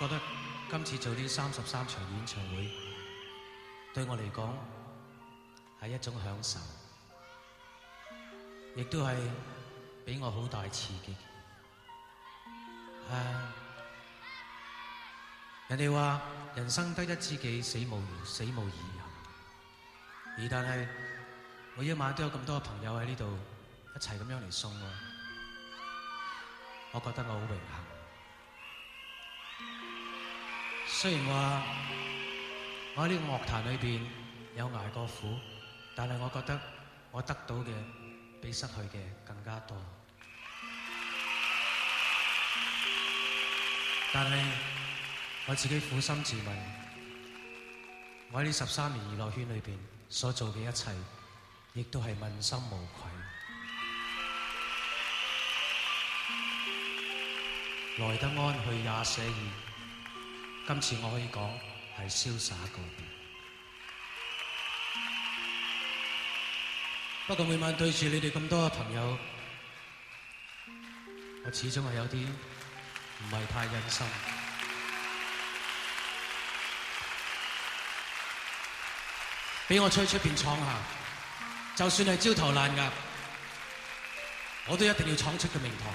我覺得今次做呢三十三場演唱會，對我嚟講係一種享受，亦都係俾我好大刺激。誒，人哋話人生得一知己，死無死無餘憾。而但係每一晚都有咁多朋友喺呢度一齊咁樣嚟送我，我覺得我好榮幸。雖然話我喺呢個樂壇裏邊有捱過苦，但係我覺得我得到嘅比失去嘅更加多。但係我自己苦心自問，我喺呢十三年娛樂圈裏邊所做嘅一切，亦都係問心無愧。來得安，去也寫意。今次我可以講係瀟灑告別，不過每晚對住你哋咁多朋友，我始終係有啲唔係太忍心，俾我出去出邊闖下，就算係焦頭爛額，我都一定要闖出個名堂。